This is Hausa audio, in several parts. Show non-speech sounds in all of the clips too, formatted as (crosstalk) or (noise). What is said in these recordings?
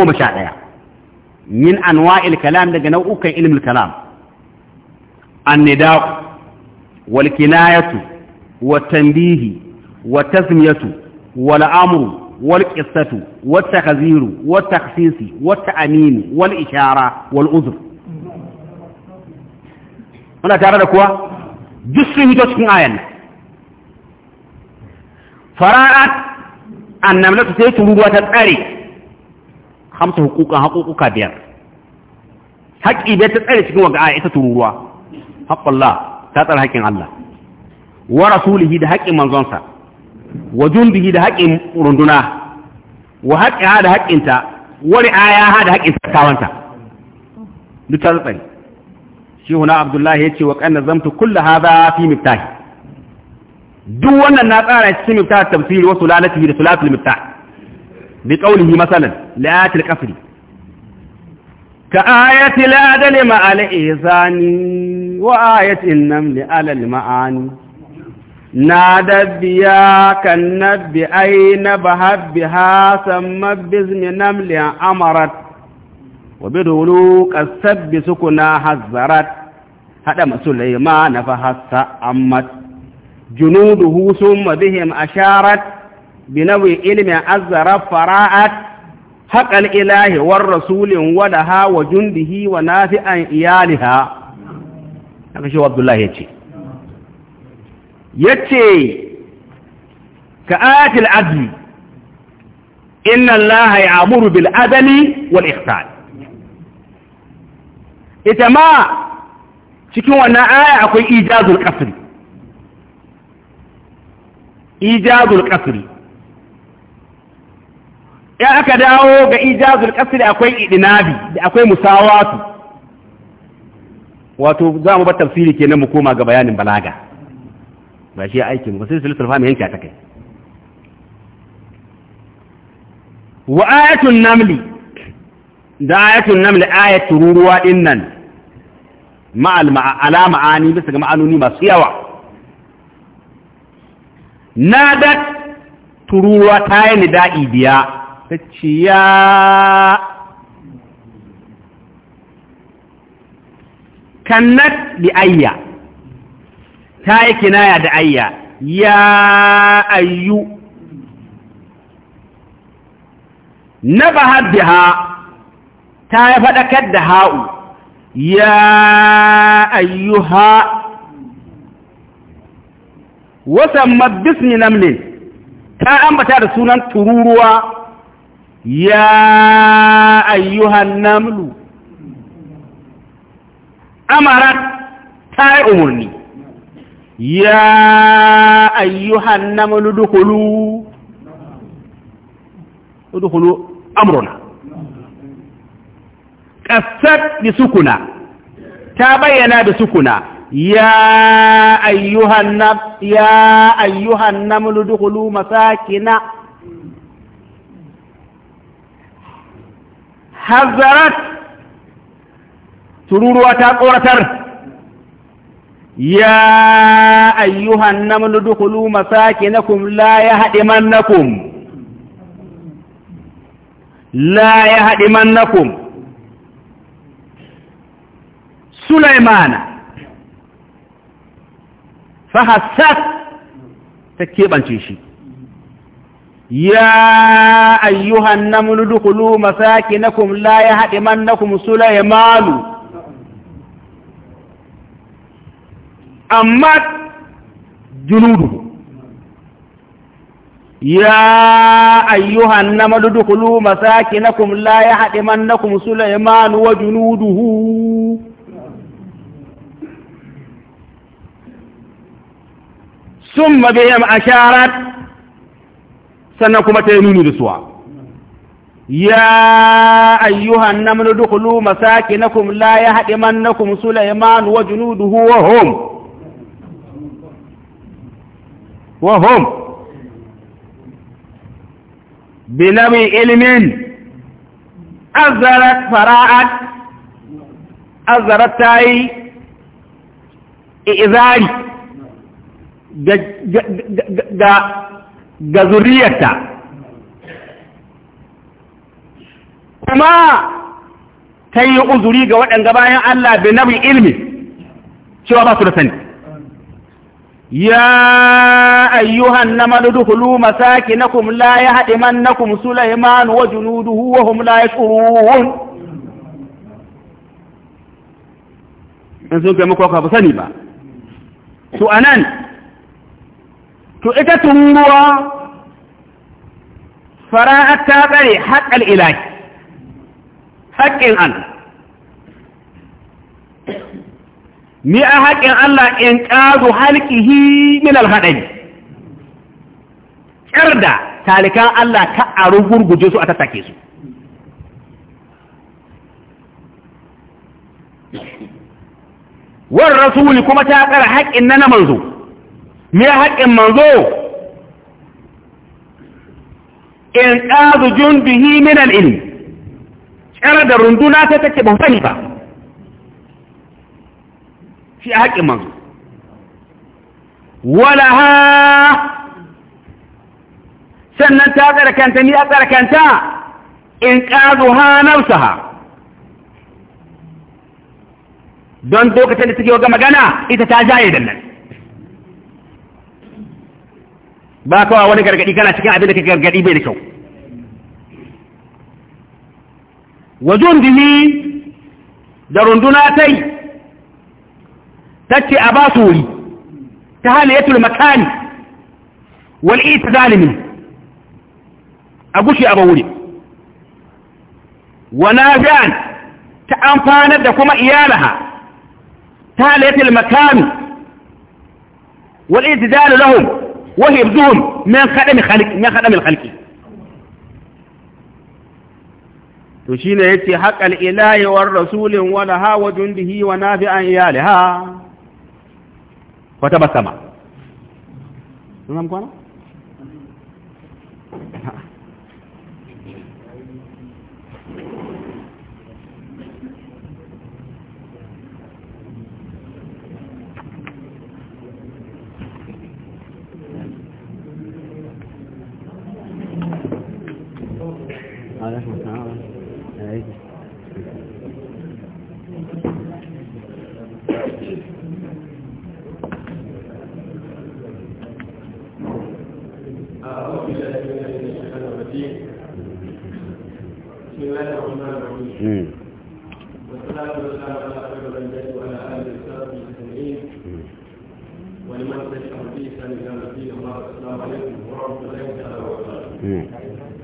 ومشاعر من أنواع الكلام ده جنوك علم الكلام النداء والكناية والتنبيه والتسمية والأمر والقصة والتخزير والتخصيص والتأمين والإشارة والعذر أنا تعرف لك جسره جسكم آيان فراءت أن نملك سيتم هو تتأريك hamsa hukukan hakukuka biyar haƙƙi biyar ta tsare cikin waga ita tururuwa haƙƙullah ta tsare haƙƙin Allah wa rasulihi da haƙƙin manzonsa wa jundihi da haƙƙin runduna wa haƙƙi ha da haƙƙinta wa ri'ayaha da haƙƙin tattawanta duk ta tsare shi huna abdullahi ya ce wa ƙanna zamtu kulla hadha fi miftahi duk wannan na tsara cikin miftahi tafsiri wa sulalatihi da sulatul miftahi بقوله مثلا لا القصر كآية الأدل على الإيزان وآية النمل على المعاني نادى بيا كالنب أي بهب بها سمى بزم نمل أمرت وبدولوك السب سكنا حذرت هدم سليمان فهس أمت جنوده ثم بهم أشارت بنوي علم أزر فراءت حق الإله والرسول ولها وجنده ونافعا إيالها haka shi Abdullahi ya ce yace ka ayatul adli inna allaha ya'muru bil adli wal ihsan ita ma cikin wannan aya akwai ijazul qasri ya aka dawo ga ijazul qasr akwai idinabi akwai musawatu wato za mu bar tafsiri kenan mu koma ga bayanin balaga ba shi aiki ba sai silsilar fami yanka ta kai wa ayatun namli da ayatun namli ayat tururuwa dinnan ma'al ala ma'ani bisa ga ma'anoni masu yawa nadat tururuwa ta yi nida'i biya tsaftatacciya kannat bi ayya ta yi kinaya da ayya ya ayyu na biha ta yi faɗakar da ha'u ya ayyuha wasan mabbis ne namlin ta ambata da sunan tururuwa ya ayyuhan namlu amarat ta yi umarni ya ayyuhan namlu dukulu dukulu amruna ƙasar da sukuna ta bayyana da sukuna ya ayyuhan namlu dukulu masakina hazarat tururuwa ta tsoratar ya ayyuhan namlu dukulu masakinakum la ya yahdimannakum la yahdimannakum sulaimana fahassat ta keɓance shi يا أيها النمل ادخلوا مساكنكم لا يهدمنكم سليمان أما جنوده يا أيها النمل ادخلوا مساكنكم لا يهدمنكم سليمان وجنوده ثم بهم أشارت sannan kuma ta yi nuni da suwa ya ayyuhan namlu na kum la yahdimannakum sulaiman wa junuduhu wa hom. wa hom. binawi azarar azzarat fara'at azzarat yi izari ga ga zuriyarta kuma ta yi uzuri ga waɗanda bayan Allah bi nabi ilmi cewa ba su da sani ya ayyuhan na Masaki na kumla ya haɗe mannakum sulaiman wa junudu wa hum ya yashurun in sun kai muku ba sani ba su anan to ita tururuwa fara'at ta tsare haƙƙal ilahi haƙƙin Allah ni a haƙƙin Allah in ƙazu halƙihi min alhaɗari ƙyar da talikan Allah ka a rugurguje su a tattake su Wani rasuli kuma ta ƙara haƙƙin na na manzo me haƙƙin manzo in ƙazu jun bihi minan al'ilm tsara da runduna ta take ban sani ba shi a haƙƙin manzo wala ha sannan ta tsarkanta ni a tsarkanta in ƙazu ha nafsa ha don lokacin da take waga magana ita ta jaye da nan ba kawa wani gargadi kana cikin abin da kake gargadi bai da kyau wajen dihi da runduna ta yi ta ce a ba su wuri ta halayatul makani wal'i ta zalimin a gushe a ba wuri wana zan ta amfanar da kuma iyalaha ta halayatul makami wal'i ta zalimin وهي بدون ما خدم خلق ما خدم الخلق تشين يتي حق الإله والرسول ولها وجنده ونافع إيالها فتبسم نعم عليكم السلام أعوذ بالله من الشيطان الرجيم بسم الله الرحمن الرحيم والصلاة والسلام على خير الأنبياء وعلى آله وصحبه أجمعين ولمن تشهد به سامي الدين الله السلام عليكم ورحمة الله وبركاته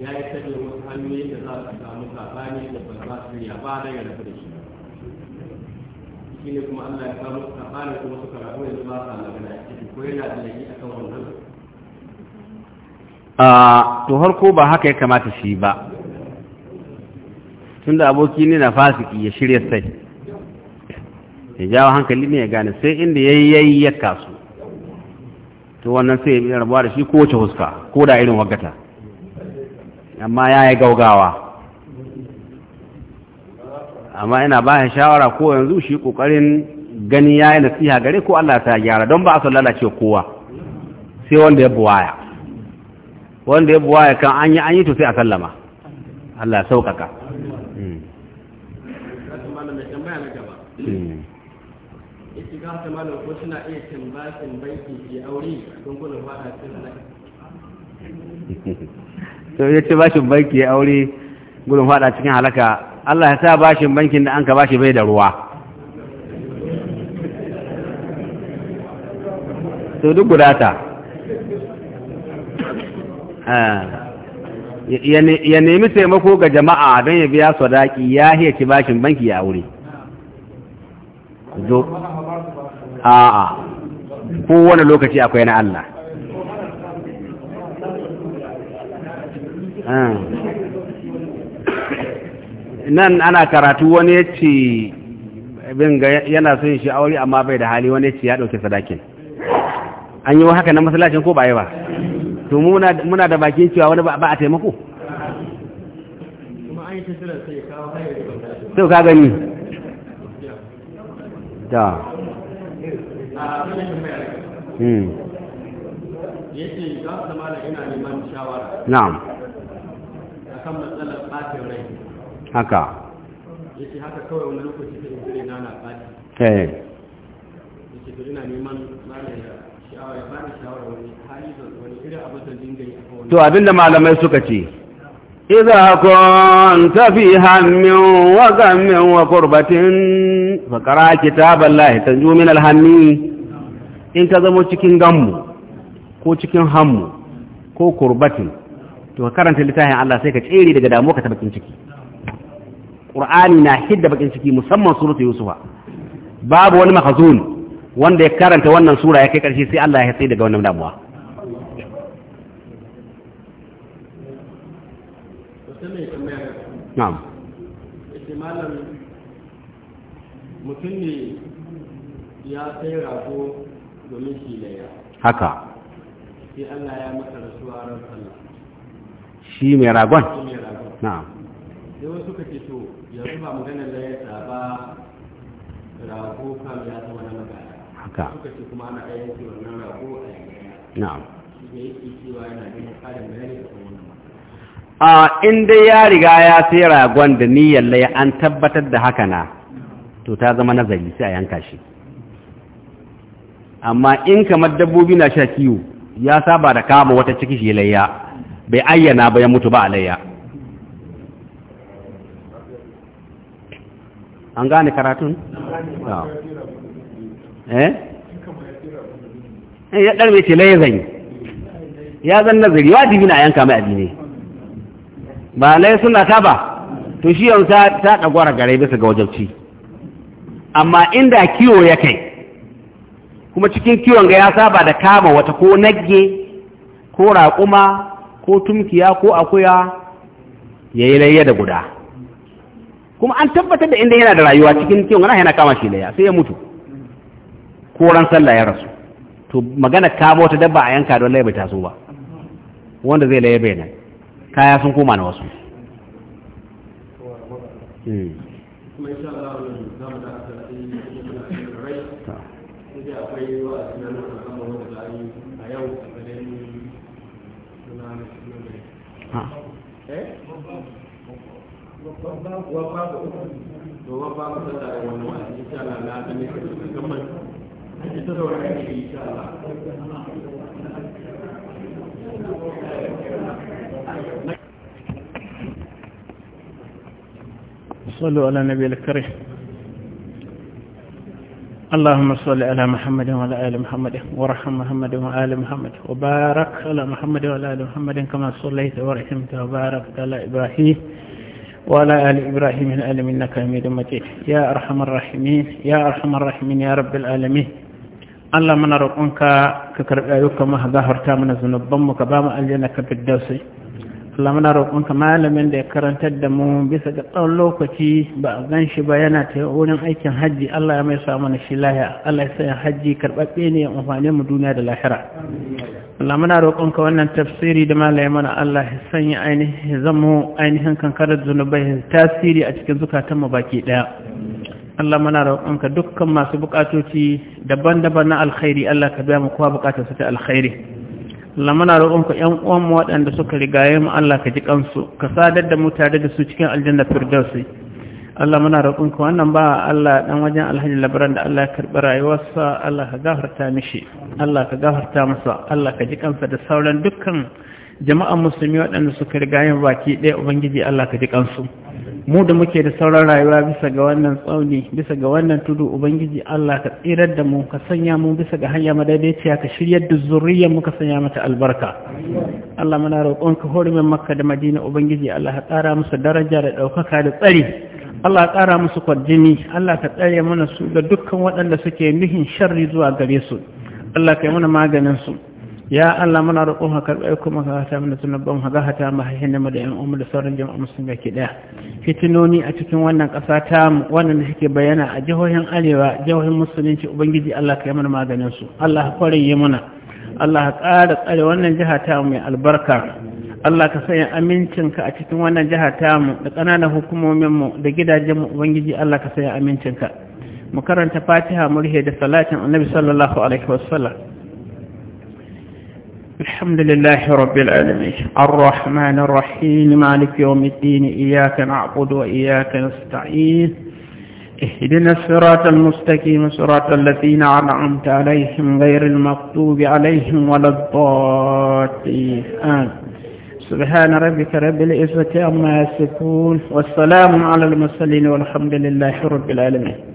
ya yi sanya wasu hanyoyin da za su samu sabani da ba za su ya ba da ya da shi shine kuma Allah ya samu sabani kuma suka rabu yanzu ba sa magana ciki ko yana da laifi akan wannan a to harko ba haka ya kamata shi ba da aboki ne na fasiki ya shirya sai ya jawo hankali ne ya gane sai inda ya yi ya kasu to wannan sai ya rabuwa da shi ko huska ko da irin wagata amma ya yi gaugawa amma ina ba shawara ko yanzu shi ƙoƙarin gani ya yi nasiha gare ko Allah ta gyara don ba a son lalace kowa sai wanda ya buwaya wanda ya buwaya kan an yi an yi to sai a sallama Allah sauƙaƙa ta hmm. malam hmm. (laughs) to ya ce bashin banki ya aure gudun fada cikin halaka Allah ya sa bashin bankin da an ka bashi bai da ruwa to duk guda ta eh. ya nemi taimako ga jama'a don ya biya sadaki ya hiya ci bashin banki ya aure a a'a kowane lokaci akwai na Allah Ah. nan ana karatu wani ya ce bin ga yana son shi aure amma bai da hali wani ya ce ya ɗauke sadakin an yi wa haka na masallacin ko yi ba to muna da bakin cewa wani ba a taimako sau ka gani hmm. da na'am akan matsalar ɓatin rai haka yake haka kawai wani lokaci ta na na yake to ina neman malam ya ya wani hali da wani irin abin da dinga yi to abinda malamai suka ce إذا كنت في هم وغم وقربة فقرأ كتاب الله تنجو من الهم إن كذا مو cikin ganmu ko cikin hammu ko kurbatin to ka karanta littafin Allah sai ka tsere daga damuwa ka ta bakin ciki Qur'ani na hidda bakin ciki musamman suratul Yusufa babu wani mahzun wanda ya karanta wannan sura ya kai karshe sai Allah ya tsaye daga wannan damuwa na'am malam mutum ne ya sai rago domin shi haka sai Allah ya masa shi mai ragon na'am sai wasu ce to yanzu ba maganar layarsa ba rago kam ya zama na magana haka suka ce kuma ana ɗaya yanke wannan rago a yankin na'am shi yake cewa yana da karin bayani da kuma wannan a in dai ya riga ya sai ragon da niyyar lai an tabbatar da haka na to ta zama nazari sai a yanka shi amma in kamar dabbobi na sha kiwo ya saba da kama wata ciki shi layya bai ayyana ba ya mutu ba alayya an gane karatun? Eh? eh? ya ɗar mai ce laye zan yi ya zan nazari wajibi na yanka mai addini ba laye suna ta ba to shi yau ta ɗagwara gare bisa ga wajabci amma inda kiwo ya kai kuma cikin kiwon ga ya saba da kama wata ko nagge ko raƙuma ko tumkiya ko akuya ya yi layya da guda kuma an tabbatar da inda yana da rayuwa cikin kiyon gana yana kama shi layya sai ya mutu ko ran sallah ya rasu to magana kamo wata dabba a yanka don layya bai taso ba wanda zai layya bai nan kaya sun koma na wasu hmm. akwai na wanda a yau a صلوا على النبي الكريم اللهم صل على محمد وعلى آل محمد وارحم محمد وآل محمد وبارك على محمد وعلى آل محمد كما صليت ورحمت وباركت على إبراهيم وعلى آل إبراهيم العالم إنك حميد مجيد يا أرحم الراحمين يا أرحم الراحمين يا رب العالمين اللهم نرقنك ككرب أيوك ما ظهرت من الذنوب بمك بام ألينك بالدوسي Allah malamin da ya karantar da mu bisa ga tsawon lokaci ba a gan shi ba yana ta wurin aikin hajji Allah ya mai samu mana shi lahiya Allah ya sanya hajji karɓaɓɓe ne ya amfani mu duniya da lahira Allah muna wannan tafsiri da malaye mana Allah ya sanya ainihin zamu ainihin kankarar zunubai tasiri a cikin zukatan mu baki ɗaya Allah mana roƙonka dukkan masu buƙatoci daban-daban na alkhairi Allah ka biya mu kowa buƙatar su ta alkhairi Allah muna roƙonka ƴan uwanmu waɗanda suka rigaye mu Allah ka ji kansu ka sadar da mutane da su cikin aljanna firdausi Allah muna roƙonka wannan ba Allah dan wajen Alhaji Labran da Allah ya karɓi rayuwarsa Allah ka gafarta mishi Allah ka gafarta masa Allah ka ji kansa da sauran dukkan jama'an musulmi waɗanda suka rigaye baki ɗaya ubangiji Allah ka ji kansu mu da muke da sauran rayuwa bisa ga wannan tsauni bisa ga wannan tudu ubangiji Allah ka tsirar da mu ka sanya mu bisa ga hanya madaidaiciya ka shiryar da zuriyar mu ka sanya mata albarka Allah muna roƙon ka hori min Makka da Madina ubangiji Allah ka ƙara musu daraja da ɗaukaka da tsari Allah ka ƙara musu kwarjini Allah ka tsare mana su da dukkan waɗanda suke nuhin sharri zuwa gare su Allah ka yi mana maganin su ya Allah muna roƙon ka karɓe kuma ka hata mana sunan ban haga hata mu haihin mu da ƴan umma da sauran jama'a musulmi ke ɗaya fitinoni a cikin wannan ƙasa ta mu wannan da suke bayyana a jihohin arewa jihohin musulunci ubangiji Allah ka yi mana maganin su Allah ka yi mana Allah ka ƙara tsare wannan jiha ta mu mai albarka Allah ka sanya ka a cikin wannan jiha ta mu da ƙananan hukumomin mu da gidajenmu ubangiji Allah ka sanya ka. mu karanta fatiha mu rihe da salatin annabi sallallahu alaihi wasallam الحمد لله رب العالمين الرحمن الرحيم مالك يوم الدين إياك نعبد وإياك نستعين اهدنا الصراط المستقيم صراط الذين أنعمت عليهم غير المغضوب عليهم ولا الضالين آه. سبحان ربك رب العزة عما يصفون والسلام على المرسلين والحمد لله رب العالمين